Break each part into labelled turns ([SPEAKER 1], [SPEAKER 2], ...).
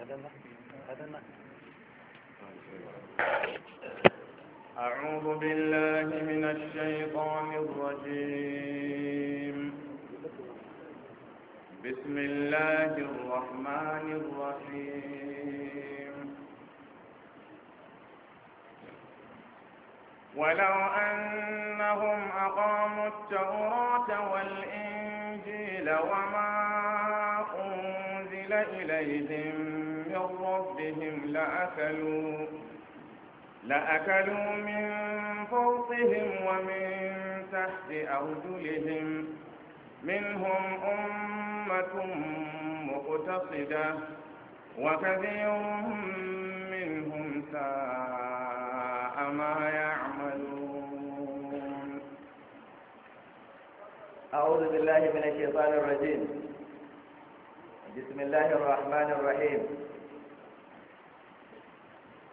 [SPEAKER 1] هذا هذا أعوذ بالله من الشيطان الرجيم بسم الله الرحمن الرحيم ولو أنهم أقاموا التوراة والإنجيل وما أنزل إليهم من ربهم لأكلوا لأكلوا من فوقهم ومن تحت أرجلهم منهم أمة مقتصدة وكثير منهم
[SPEAKER 2] ساء ما يعملون أعوذ بالله من الشيطان الرجيم بسم الله الرحمن الرحيم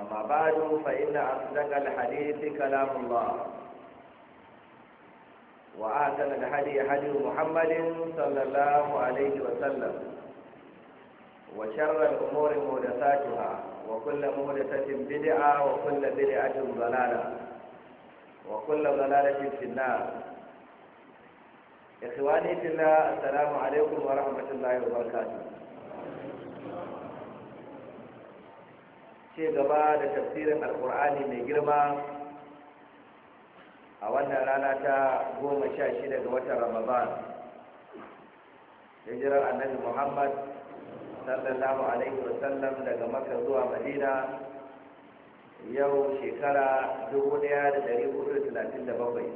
[SPEAKER 2] أما بعد فإن أصدق الحديث كلام الله وأحسن الهدي هدي محمد صلى الله عليه وسلم وشر الأمور محدثاتها وكل محدثة بدعة وكل بدعة ضلالة وكل ضلالة في النار إخواني في الله السلام عليكم ورحمة الله وبركاته ce gaba da tafsirin alkur'ani mai girma a wannan rana ta goma sha shida ga watan ramadan hijirar annabi muhammad sallallahu alaihi wasallam daga maka zuwa madina yau shekara dubu da da da hudu talatin bakwai.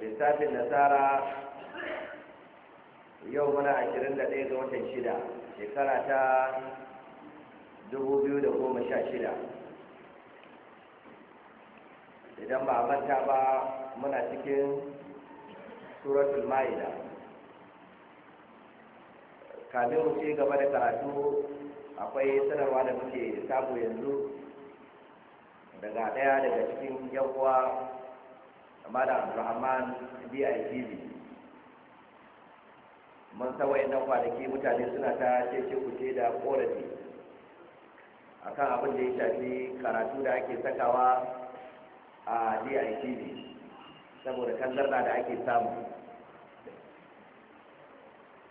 [SPEAKER 2] lissafin nasara yau muna ashirin da ɗaya ga watan shida shekara ta 2016 idan ba manta ba muna cikin suratul ma'ida kamin mu ci gaba da karatu akwai sanarwa da muke samu yanzu daga daya daga cikin yawwa da abdulrahman bitv mun sa nan kwanaki mutane suna ta ce ce kuce da korafi akan abin da ya shafi karatu da ake sakawa a DITV saboda kallar da ake samu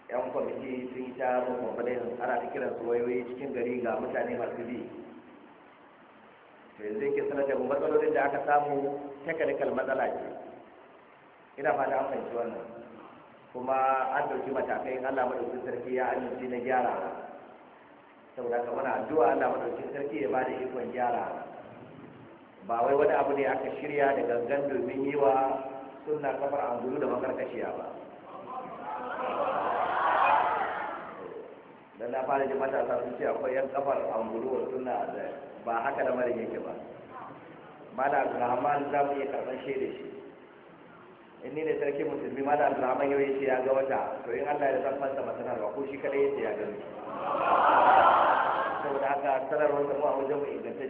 [SPEAKER 2] yan kwamiti sun yi ta makwamfanin ana ta kiran su wayoyi cikin gari ga mutane masu bi yanzu yake sanar da matsalolin da aka samu technical matsala ce ina da an fahimci wannan kuma an ɗauki matakai allah maɗaukin sarki ya amince na gyara saboda ka mana addu'a Allah madaukin sarki ya bada ikon gyara ba wai wani abu ne aka shirya da gangan domin yi wa sunna kafar angulu da makarkashiya ba dan na fara ji matasa sun ce akwai yan kafar angulu wa sunna ba haka da mara yake ba mana rahman za mu iya karɓar shaida shi in ni ne sarki musulmi ma da abdurrahman yau yace ya ga wata to in Allah ya san masana ba ko shi kadai yace ya gani saboda haka sanarwar mu a wajen mu ingantacce